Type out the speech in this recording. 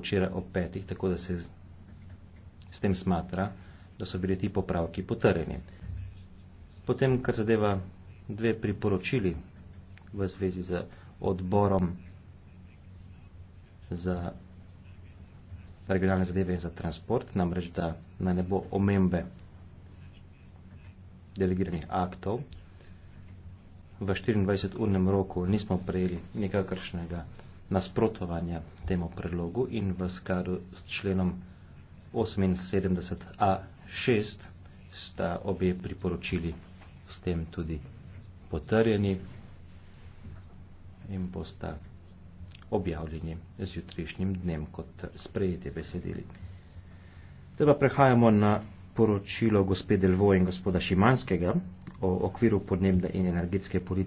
včeraj ob petih, tako da se z, s tem smatra, da so bili ti popravki potrjeni. Potem, kar zadeva dve priporočili v zvezi z odborom za regionalne zadeve in za transport, namreč da na ne bo omembe delegiranih aktov, v 24-urnem roku nismo prejeli nikakršnega nasprotovanja temu predlogu in v skladu s členom 78a6 sta obe priporočili s tem tudi potrjeni in bosta objavljeni z jutrišnjim dnem kot sprejete besedili. Zdaj pa prehajamo na poročilo gospe Delvo in gospoda Šimanskega o okviru podnebne in energetske politike.